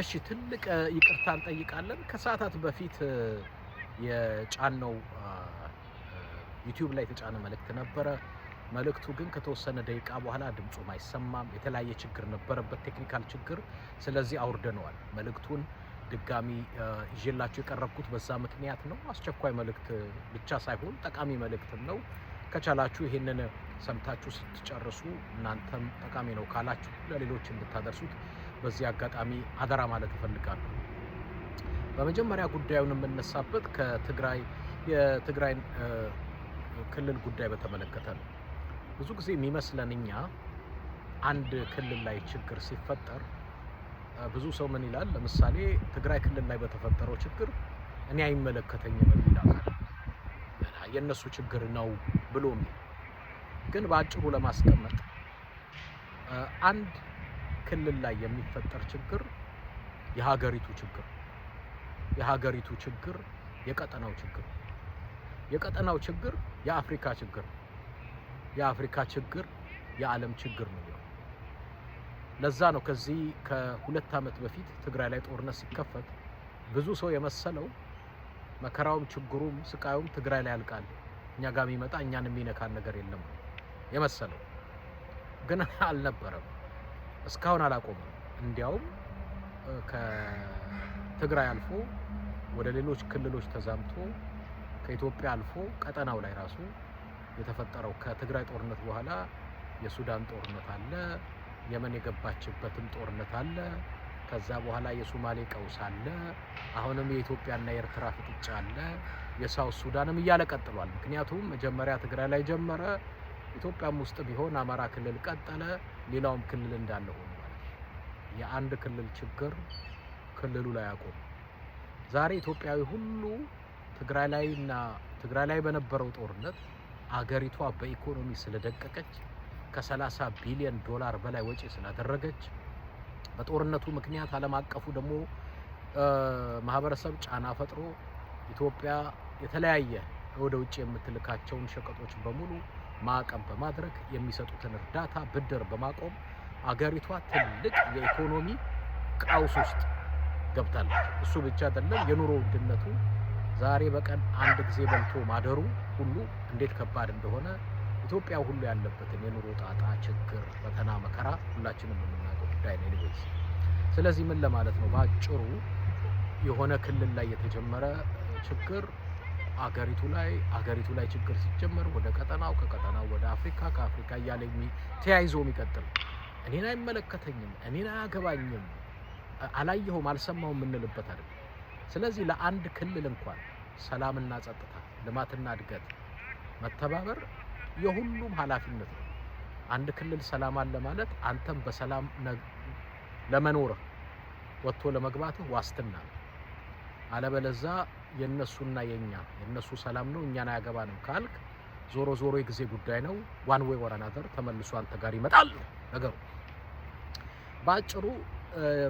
እሺ ትልቅ ይቅርታ እንጠይቃለን። ከሰዓታት በፊት የጫነው ዩቲዩብ ላይ የተጫነ መልእክት ነበረ። መልእክቱ ግን ከተወሰነ ደቂቃ በኋላ ድምፁም አይሰማም፣ የተለያየ ችግር ነበረበት፣ ቴክኒካል ችግር። ስለዚህ አውርደነዋል። መልእክቱን ድጋሚ ይዤላችሁ የቀረብኩት በዛ ምክንያት ነው። አስቸኳይ መልእክት ብቻ ሳይሆን ጠቃሚ መልእክትም ነው። ከቻላችሁ ይህንን ሰምታችሁ ስትጨርሱ እናንተም ጠቃሚ ነው ካላችሁ ለሌሎች እንድታደርሱት በዚህ አጋጣሚ አደራ ማለት እፈልጋለሁ። በመጀመሪያ ጉዳዩን የምነሳበት ከትግራይ የትግራይን ክልል ጉዳይ በተመለከተ ነው። ብዙ ጊዜ የሚመስለን እኛ አንድ ክልል ላይ ችግር ሲፈጠር ብዙ ሰው ምን ይላል? ለምሳሌ ትግራይ ክልል ላይ በተፈጠረው ችግር እኔ አይመለከተኝም የሚል አካል የእነሱ ችግር ነው ብሎ ግን በአጭሩ ለማስቀመጥ አንድ ክልል ላይ የሚፈጠር ችግር የሀገሪቱ ችግር የሀገሪቱ ችግር የቀጠናው ችግር የቀጠናው ችግር የአፍሪካ ችግር የአፍሪካ ችግር የዓለም ችግር ነው። ለዛ ነው ከዚህ ከሁለት ዓመት በፊት ትግራይ ላይ ጦርነት ሲከፈት ብዙ ሰው የመሰለው መከራውም ችግሩም ስቃዩም ትግራይ ላይ ያልቃል፣ እኛ ጋር የሚመጣ እኛን የሚነካን ነገር የለም የመሰለው ግን አልነበረም። እስካሁን አላቆመም። እንዲያውም ከትግራይ አልፎ ወደ ሌሎች ክልሎች ተዛምቶ ከኢትዮጵያ አልፎ ቀጠናው ላይ ራሱ የተፈጠረው ከትግራይ ጦርነት በኋላ የሱዳን ጦርነት አለ፣ የመን የገባችበትም ጦርነት አለ። ከዛ በኋላ የሶማሌ ቀውስ አለ። አሁንም የኢትዮጵያና የኤርትራ ፍጥጫ አለ። የሳውት ሱዳንም እያለ ቀጥሏል። ምክንያቱም መጀመሪያ ትግራይ ላይ ጀመረ። ኢትዮጵያም ውስጥ ቢሆን አማራ ክልል ቀጠለ፣ ሌላውም ክልል እንዳለ ሆነ። የአንድ ክልል ችግር ክልሉ ላይ አቆመ። ዛሬ ኢትዮጵያዊ ሁሉ ትግራይ እና ትግራይ ላይ በነበረው ጦርነት አገሪቷ በኢኮኖሚ ስለደቀቀች ከ30 ቢሊዮን ዶላር በላይ ወጪ ስላደረገች በጦርነቱ ምክንያት ዓለም አቀፉ ደግሞ ማህበረሰብ ጫና ፈጥሮ ኢትዮጵያ የተለያየ ወደ ውጭ የምትልካቸውን ሸቀጦች በሙሉ ማዕቀብ በማድረግ የሚሰጡትን እርዳታ ብድር በማቆም አገሪቷ ትልቅ የኢኮኖሚ ቀውስ ውስጥ ገብታለች። እሱ ብቻ አይደለም፣ የኑሮ ውድነቱ ዛሬ በቀን አንድ ጊዜ በልቶ ማደሩ ሁሉ እንዴት ከባድ እንደሆነ ኢትዮጵያ ሁሉ ያለበትን የኑሮ ጣጣ፣ ችግር፣ ፈተና፣ መከራ ሁላችንም የምናውቀው ጉዳይ ነው። ስለዚህ ምን ለማለት ነው? በአጭሩ የሆነ ክልል ላይ የተጀመረ ችግር አገሪቱ ላይ አገሪቱ ላይ ችግር ሲጀመር ወደ ቀጠናው ከቀጠናው ወደ አፍሪካ ከአፍሪካ እያለ ተያይዞ የሚቀጥል እኔን አይመለከተኝም እኔን አያገባኝም አላየኸውም አልሰማውም የምንልበት አይደለም። ስለዚህ ለአንድ ክልል እንኳን ሰላምና ጸጥታ፣ ልማትና እድገት መተባበር የሁሉም ኃላፊነት ነው። አንድ ክልል ሰላም አለ ማለት አንተም በሰላም ለመኖርህ ወጥቶ ለመግባትህ ዋስትና ነው። አለበለዛ የነሱና የኛ የነሱ ሰላም ነው እኛን አያገባንም ካልክ ዞሮ ዞሮ የጊዜ ጉዳይ ነው። ዋን ዌይ ወር አናዘር ተመልሶ አንተ ጋር ይመጣል ነገሩ። በአጭሩ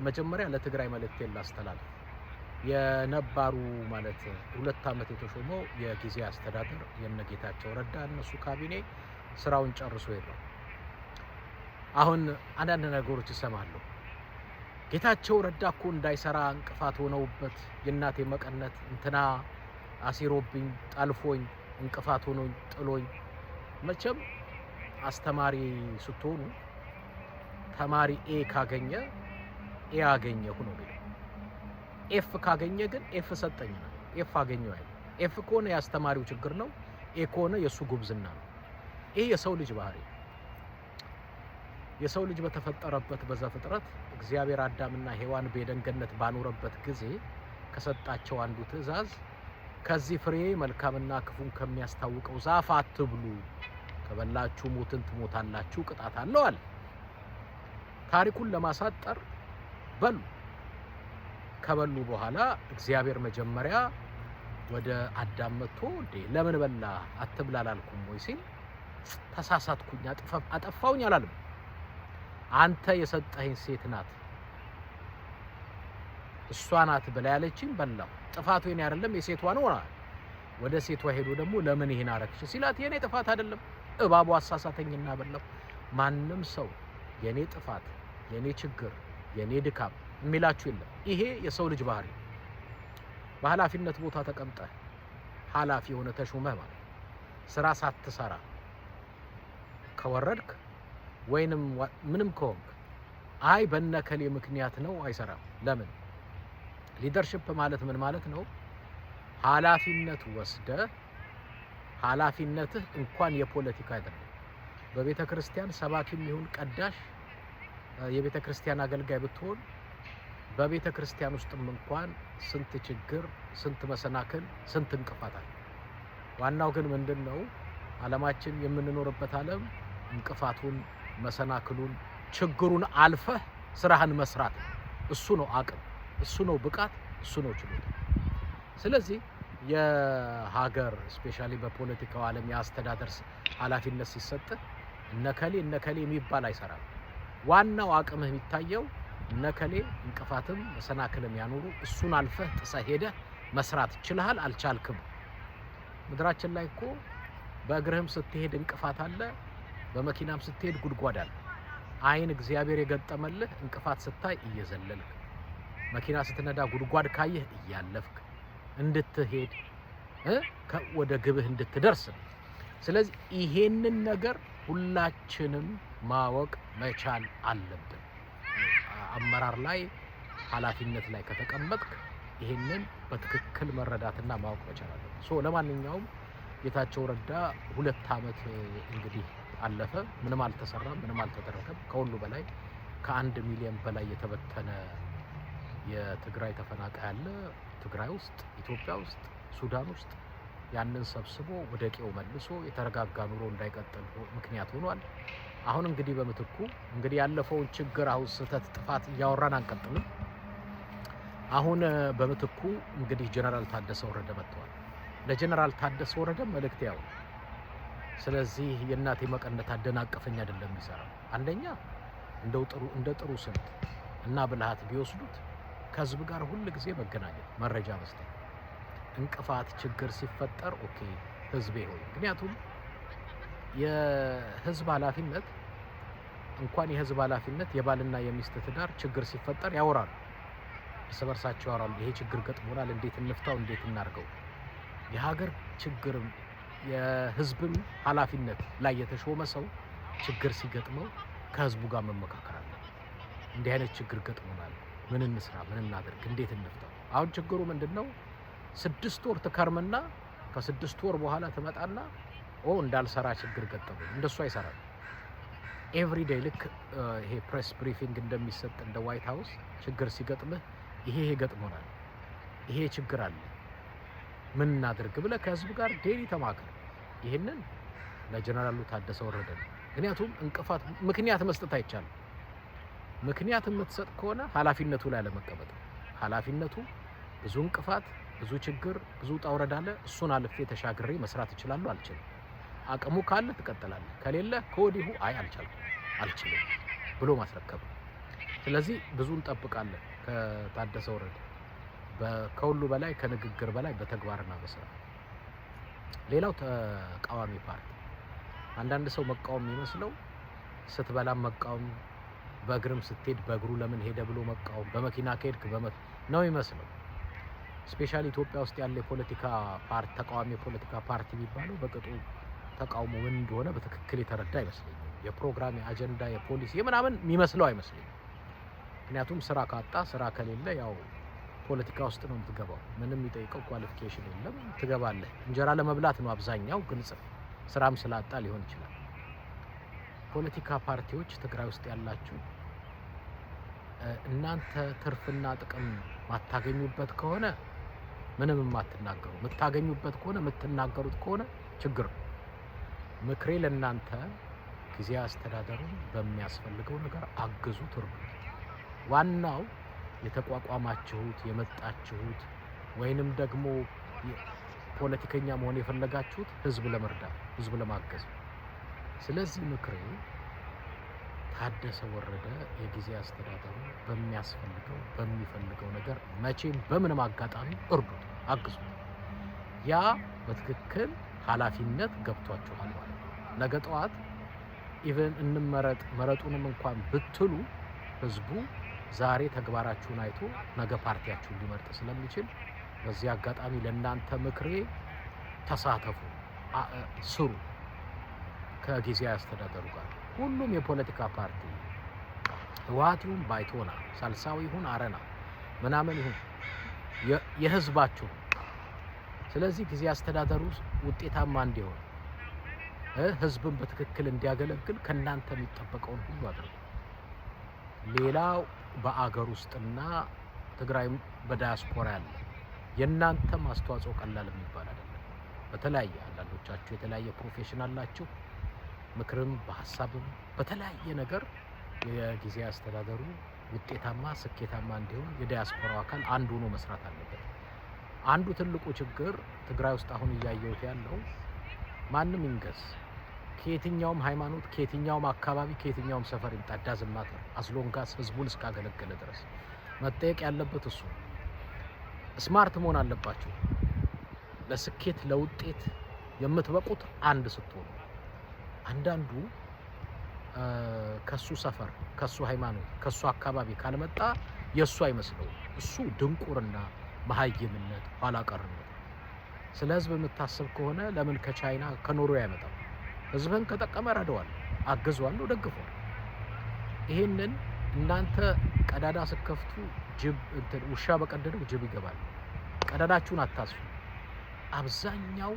መጀመሪያ ለትግራይ መልእክቴን ላስተላልፍ። የነባሩ ማለት ሁለት ዓመት የተሾመው የጊዜ አስተዳደር የነ ጌታቸው ረዳ እነሱ ካቢኔ ስራውን ጨርሶ የለው። አሁን አንዳንድ ነገሮች ይሰማሉ። ጌታቸው ረዳ እኮ እንዳይሰራ እንቅፋት ሆነውበት የእናቴ መቀነት እንትና አሲሮብኝ ጠልፎኝ እንቅፋት ሆኖኝ ጥሎኝ። መቼም አስተማሪ ስትሆኑ ተማሪ ኤ ካገኘ ኤ አገኘሁ ነው የሚለው። ኤፍ ካገኘ ግን ኤፍ ሰጠኝ ነው ኤፍ አገኘሁ አይደል። ኤፍ ከሆነ የአስተማሪው ችግር ነው። ኤ ከሆነ የእሱ ጉብዝና ነው። ይህ የሰው ልጅ ባህሪ ነው። የሰው ልጅ በተፈጠረበት በዛ ፍጥረት እግዚአብሔር አዳምና ሔዋን በኤደን ገነት ባኖረበት ጊዜ ከሰጣቸው አንዱ ትእዛዝ ከዚህ ፍሬ መልካምና ክፉን ከሚያስታውቀው ዛፍ አትብሉ፣ ከበላችሁ ሞትን ትሞታላችሁ፣ ቅጣት አለው አለ። ታሪኩን ለማሳጠር በሉ ከበሉ በኋላ እግዚአብሔር መጀመሪያ ወደ አዳም መጥቶ እንዴ ለምን በላ አትብላ አላልኩም ወይ ሲል ተሳሳትኩኝ፣ አጠፋውኝ አላልም። አንተ የሰጠኸኝ ሴት ናት እሷ ናት ብላ ያለችኝ በላው። ጥፋቱ የኔ አይደለም የሴቷ ነው ወደ ሴቷ ሄዶ ደግሞ ለምን ይሄን አረክሽ ሲላት የኔ ጥፋት አይደለም እባቡ አሳሳተኝና በላው። ማንም ሰው የኔ ጥፋት፣ የኔ ችግር፣ የኔ ድካም የሚላችሁ የለም። ይሄ የሰው ልጅ ባህሪ። በኃላፊነት ቦታ ተቀምጠህ ኃላፊ የሆነ ተሹመህ ማለት ስራ ሳትሰራ ከወረድክ ወይንም ምንም ከሆንክ አይ በነከሌ ምክንያት ነው አይሰራም። ለምን ሊደርሽፕ ማለት ምን ማለት ነው? ኃላፊነት ወስደ ኃላፊነትህ እንኳን የፖለቲካ አይደለም። በቤተ ክርስቲያን ሰባኪም ይሁን ቀዳሽ፣ የቤተ ክርስቲያን አገልጋይ ብትሆን በቤተ ክርስቲያን ውስጥም እንኳን ስንት ችግር፣ ስንት መሰናክል፣ ስንት እንቅፋት አለ። ዋናው ግን ምንድን ነው? ዓለማችን የምንኖርበት ዓለም እንቅፋቱን መሰናክሉን፣ ችግሩን አልፈህ ስራህን መስራት እሱ ነው አቅም፣ እሱ ነው ብቃት፣ እሱ ነው ችሎታ። ስለዚህ የሀገር እስፔሻሊ በፖለቲካው ዓለም የአስተዳደር ኃላፊነት ሲሰጥ እነከሌ እነከሌ የሚባል አይሰራም። ዋናው አቅምህ የሚታየው እነከሌ እንቅፋትም መሰናክልም ያኖሩ እሱን አልፈህ ጥሰህ ሄደህ መስራት ችልሃል አልቻልክም። ምድራችን ላይ እኮ በእግርህም ስትሄድ እንቅፋት አለ በመኪናም ስትሄድ ጉድጓድ አለ። አይን እግዚአብሔር የገጠመልህ እንቅፋት ስታይ እየዘለልክ፣ መኪና ስትነዳ ጉድጓድ ካየህ እያለፍክ እንድትሄድ ወደ ግብህ እንድትደርስ ነው። ስለዚህ ይሄንን ነገር ሁላችንም ማወቅ መቻል አለብን። አመራር ላይ ኃላፊነት ላይ ከተቀመጥክ ይሄንን በትክክል መረዳትና ማወቅ መቻል አለብን። ሶ ለማንኛውም ጌታቸው ረዳ ሁለት ዓመት እንግዲህ አለፈ። ምንም አልተሰራም፣ ምንም አልተደረገም። ከሁሉ በላይ ከአንድ ሚሊዮን በላይ የተበተነ የትግራይ ተፈናቃይ አለ። ትግራይ ውስጥ፣ ኢትዮጵያ ውስጥ፣ ሱዳን ውስጥ ያንን ሰብስቦ ወደ ቄው መልሶ የተረጋጋ ኑሮ እንዳይቀጥል ምክንያት ሆኗል። አሁን እንግዲህ በምትኩ እንግዲህ ያለፈውን ችግር አሁን ስህተት፣ ጥፋት እያወራን አንቀጥልም። አሁን በምትኩ እንግዲህ ጀነራል ታደሰ ወረደ መጥተዋል። ለጀነራል ታደሰ ወረደ መልእክት ያው ስለዚህ የእናቴ መቀነት አደናቀፈኝ አይደለም የሚሰራው። አንደኛ እንደው ጥሩ እንደ ጥሩ ስልት እና ብልሃት ቢወስዱት ከህዝብ ጋር ሁል ጊዜ መገናኘት፣ መረጃ መስጠት፣ እንቅፋት፣ ችግር ሲፈጠር ኦኬ ህዝቤ ሆይ። ምክንያቱም የህዝብ ኃላፊነት እንኳን የህዝብ ኃላፊነት የባልና የሚስት ትዳር ችግር ሲፈጠር ያወራሉ፣ እርስ በርሳቸው ያወራሉ። ይሄ ችግር ገጥሞናል፣ እንዴት እንፍታው፣ እንዴት እናርገው። የሀገር ችግርም የህዝብም ኃላፊነት ላይ የተሾመ ሰው ችግር ሲገጥመው ከህዝቡ ጋር መመካከር አለ። እንዲህ አይነት ችግር ገጥሞናል፣ ምን እንስራ፣ ምን እናደርግ፣ እንዴት እንፍታው? አሁን ችግሩ ምንድን ነው? ስድስት ወር ትከርምና ከስድስት ወር በኋላ ትመጣና ኦ እንዳልሰራ ችግር ገጠመ። እንደሱ አይሰራም። ኤቭሪዴይ ልክ ይሄ ፕሬስ ብሪፊንግ እንደሚሰጥ እንደ ዋይት ሀውስ ችግር ሲገጥምህ ይሄ ይሄ ገጥሞናል፣ ይሄ ችግር አለ ምን እናድርግ ብለህ ከህዝብ ጋር ዴሊ ተማከር። ይህንን ለጀነራሉ ታደሰ ወረደ ነው። ምክንያቱም እንቅፋት ምክንያት መስጠት አይቻልም። ምክንያት የምትሰጥ ከሆነ ኃላፊነቱ ላይ ለመቀመጥ ኃላፊነቱ ብዙ እንቅፋት፣ ብዙ ችግር፣ ብዙ ጣውረድ አለ። እሱን አልፌ ተሻግሬ መስራት እችላለሁ አልችልም። አቅሙ ካለ ትቀጥላለ ከሌለ ከወዲሁ አይ አልቻልኩም አልችልም ብሎ ማስረከብ። ስለዚህ ብዙ እንጠብቃለን ከታደሰ ወረደ። ከሁሉ በላይ ከንግግር በላይ በተግባርና በስራ ሌላው ተቃዋሚ ፓርቲ አንዳንድ ሰው መቃወም የሚመስለው ስትበላም መቃወም በእግርም ስትሄድ በእግሩ ለምን ሄደ ብሎ መቃወም በመኪና ከሄድክ ነው ይመስለው ስፔሻሊ ኢትዮጵያ ውስጥ ያለ የፖለቲካ ፓርቲ ተቃዋሚ የፖለቲካ ፓርቲ የሚባለው በቅጡ ተቃውሞ ምን እንደሆነ በትክክል የተረዳ አይመስለኝም። የፕሮግራም የአጀንዳ የፖሊሲ ምናምን የሚመስለው አይመስለኝም። ምክንያቱም ስራ ካጣ ስራ ከሌለ ያው ፖለቲካ ውስጥ ነው የምትገባው። ምንም የሚጠይቀው ኳሊፊኬሽን የለም። ትገባለህ። እንጀራ ለመብላት ነው አብዛኛው። ግልጽ ስራም ስላጣ ሊሆን ይችላል። ፖለቲካ ፓርቲዎች ትግራይ ውስጥ ያላችሁ እናንተ ትርፍና ጥቅም ማታገኙበት ከሆነ ምንም የማትናገሩ የምታገኙበት ከሆነ የምትናገሩት ከሆነ ችግር ነው። ምክሬ ለእናንተ ጊዜ አስተዳደሩን በሚያስፈልገው ነገር አግዙ፣ ትርጉ ዋናው የተቋቋማችሁት የመጣችሁት ወይንም ደግሞ ፖለቲከኛ መሆን የፈለጋችሁት ህዝብ ለመርዳት ህዝብ ለማገዝ ስለዚህ ምክሬ ታደሰ ወረደ የጊዜ አስተዳደሩ በሚያስፈልገው በሚፈልገው ነገር መቼም በምንም አጋጣሚ እርዱት፣ አግዙት። ያ በትክክል ኃላፊነት ገብቷችኋል ማለት ነው። ነገ ጠዋት ኢቨን እንመረጥ መረጡንም እንኳን ብትሉ ህዝቡ ዛሬ ተግባራችሁን አይቶ ነገ ፓርቲያችሁን ሊመርጥ ስለሚችል በዚህ አጋጣሚ ለእናንተ ምክሬ ተሳተፉ፣ ስሩ። ከጊዜያዊ አስተዳደሩ ጋር ሁሉም የፖለቲካ ፓርቲ ህወሓት ይሁን ባይቶና፣ ሳልሳዊ ይሁን አረና ምናምን ይሁን የህዝባችሁ። ስለዚህ ጊዜ አስተዳደሩ ውጤታማ እንዲሆን ህዝብን በትክክል እንዲያገለግል ከእናንተ የሚጠበቀውን ሁሉ አድርጉ። ሌላው በአገር ውስጥና ትግራይም በዳያስፖራ ያለ የእናንተም አስተዋጽኦ ቀላል የሚባል አይደለም። በተለያየ አንዳንዶቻችሁ የተለያየ ፕሮፌሽን አላችሁ። ምክርም በሀሳብም በተለያየ ነገር የጊዜ አስተዳደሩ ውጤታማ ስኬታማ እንዲሆን የዳያስፖራው አካል አንዱ ሆኖ መስራት አለበት። አንዱ ትልቁ ችግር ትግራይ ውስጥ አሁን እያየሁት ያለው ማንም ይንገስ ከየትኛውም ሃይማኖት፣ ከየትኛውም አካባቢ፣ ከየትኛውም ሰፈር ይምጣ ዳዝም ማተር አስሎንጋስ ህዝቡን እስካገለገለ ድረስ መጠየቅ ያለበት እሱ ስማርት መሆን አለባቸው? ለስኬት ለውጤት የምትበቁት አንድ ስትሆኑ፣ አንዳንዱ ከሱ ሰፈር ከሱ ሃይማኖት ከሱ አካባቢ ካልመጣ የእሱ አይመስለው እሱ ድንቁርና፣ መሀይምነት፣ ኋላ ቀርነት። ስለ ህዝብ የምታስብ ከሆነ ለምን ከቻይና ከኖሮ አይመጣም? ህዝብህን ከጠቀመ ረደዋል፣ አግዟለሁ፣ ደግፏል። ይሄንን እናንተ ቀዳዳ ስከፍቱ ጅብ እንትን ውሻ በቀደደው ጅብ ይገባል። ቀዳዳችሁን አታስፉ። አብዛኛው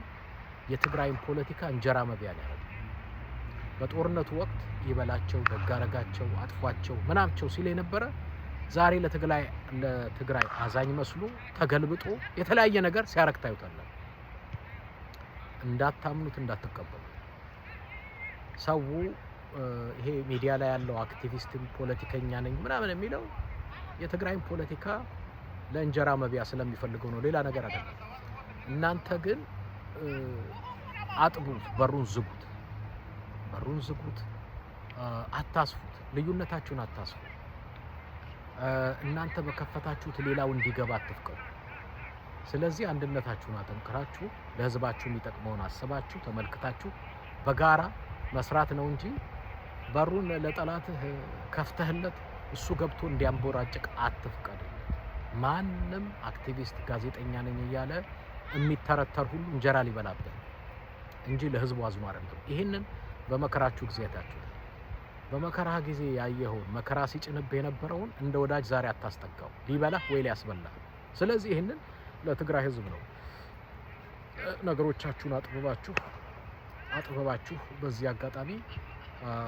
የትግራይን ፖለቲካ እንጀራ መብያ ነው። በጦርነቱ ወቅት ይበላቸው፣ ደጋረጋቸው፣ አጥፏቸው፣ ምናምቸው ሲል የነበረ ዛሬ ለትግራይ ለትግራይ አዛኝ መስሎ ተገልብጦ የተለያየ ነገር ሲያረግ ታዩታላችሁ። እንዳታምኑት እንዳትቀበሉ። ሰው ይሄ ሚዲያ ላይ ያለው አክቲቪስትም ፖለቲከኛ ነኝ ምናምን የሚለው የትግራይን ፖለቲካ ለእንጀራ መብያ ስለሚፈልገው ነው፣ ሌላ ነገር አይደለም። እናንተ ግን አጥቡት፣ በሩን ዝጉት፣ በሩን ዝጉት፣ አታስፉት፣ ልዩነታችሁን አታስፉት። እናንተ በከፈታችሁት ሌላው እንዲገባ አትፍቀዱ። ስለዚህ አንድነታችሁን አጠንክራችሁ ለህዝባችሁ የሚጠቅመውን አስባችሁ ተመልክታችሁ በጋራ መስራት ነው እንጂ በሩን ለጠላትህ ከፍተህለት እሱ ገብቶ እንዲያንቦራጭቅ አትፍቀድለት። ማንም አክቲቪስት ጋዜጠኛ ነኝ እያለ የሚተረተር ሁሉ እንጀራ ሊበላበት እንጂ ለህዝቡ አዝኖ አይደለም። ይህንን በመከራችሁ ጊዜ አይታችሁ በመከራ ጊዜ ያየኸውን መከራ ሲጭንብህ የነበረውን እንደ ወዳጅ ዛሬ አታስጠጋው፣ ሊበላህ ወይ ሊያስበላህ። ስለዚህ ይህንን ለትግራይ ህዝብ ነው ነገሮቻችሁን አጥብባችሁ አጥበባችሁ በዚህ አጋጣሚ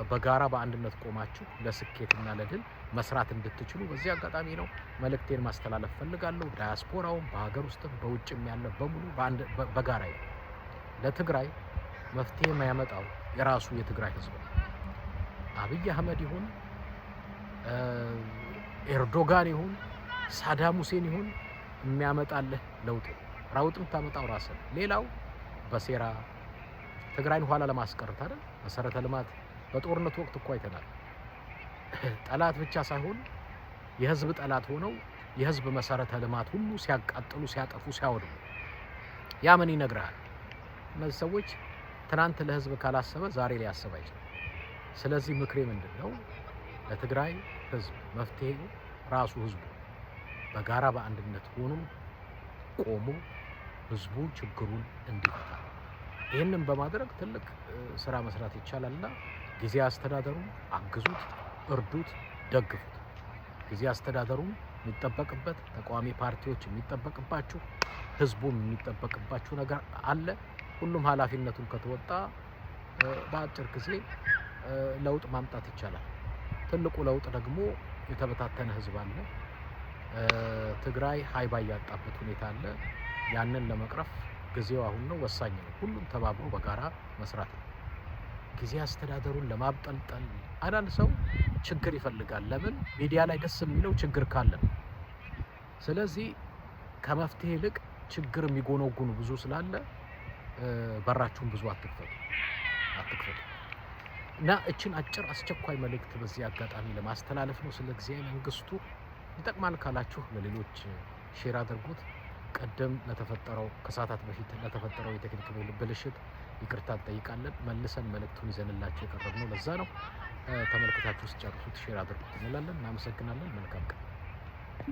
በጋራ በአንድነት ቆማችሁ ለስኬትና ለድል መስራት እንድትችሉ በዚህ አጋጣሚ ነው መልእክቴን ማስተላለፍ ፈልጋለሁ። ዳያስፖራውም በሀገር ውስጥም በውጭም ያለ በሙሉ በጋራ ለትግራይ መፍትሄ የማያመጣው የራሱ የትግራይ ህዝብ ነው። አብይ አህመድ ይሁን ኤርዶጋን ይሁን ሳዳም ሁሴን ይሁን የሚያመጣልህ ለውጥ ነው። ራውጥ የምታመጣው ሌላው በሴራ ትግራይን ኋላ ለማስቀረት አይደል? መሰረተ ልማት በጦርነት ወቅት እኮ አይተናል። ጠላት ብቻ ሳይሆን የህዝብ ጠላት ሆነው የህዝብ መሰረተ ልማት ሁሉ ሲያቃጥሉ፣ ሲያጠፉ፣ ሲያወድሙ ያ ምን ይነግራል? እነዚህ ሰዎች ትናንት ለህዝብ ካላሰበ ዛሬ ሊያስብ አይችልም። ስለዚህ ምክሬ ምንድን ነው? ለትግራይ ህዝብ መፍትሄ ራሱ ህዝቡ በጋራ በአንድነት ሆኖ ቆሞ ህዝቡ ችግሩን እንዲፈታ ይህንን በማድረግ ትልቅ ስራ መስራት ይቻላልና ጊዜ አስተዳደሩን አግዙት፣ እርዱት፣ ደግፉት። ጊዜ አስተዳደሩን የሚጠበቅበት ተቃዋሚ ፓርቲዎች የሚጠበቅባችሁ ህዝቡም የሚጠበቅባችሁ ነገር አለ። ሁሉም ኃላፊነቱን ከተወጣ በአጭር ጊዜ ለውጥ ማምጣት ይቻላል። ትልቁ ለውጥ ደግሞ የተበታተነ ህዝብ አለ። ትግራይ ሀይባ ያጣበት ሁኔታ አለ። ያንን ለመቅረፍ ጊዜው አሁን ነው፣ ወሳኝ ነው። ሁሉም ተባብሮ በጋራ መስራት ነው። ጊዜ አስተዳደሩን ለማብጠልጠል አንዳንድ ሰው ችግር ይፈልጋል። ለምን ሚዲያ ላይ ደስ የሚለው ችግር ካለ ነው። ስለዚህ ከመፍትሄ ይልቅ ችግር የሚጎነጉኑ ብዙ ስላለ በራችሁን ብዙ አትክፈቱ አትክፈቱ እና እችን አጭር አስቸኳይ መልእክት በዚህ አጋጣሚ ለማስተላለፍ ነው። ስለ ጊዜ መንግስቱ ይጠቅማል ካላችሁ ለሌሎች ሼር አድርጉት። ቀደም ለተፈጠረው ከሰዓታት በፊት ለተፈጠረው የቴክኒክ ብልሽት ይቅርታ እንጠይቃለን። መልሰን መልእክቱን ይዘንላቸው ነው። ለዛ ነው። ተመልክታችሁ ስጨርሱት ሼር አድርጉት እንላለን። እናመሰግናለን። መልካም ቀን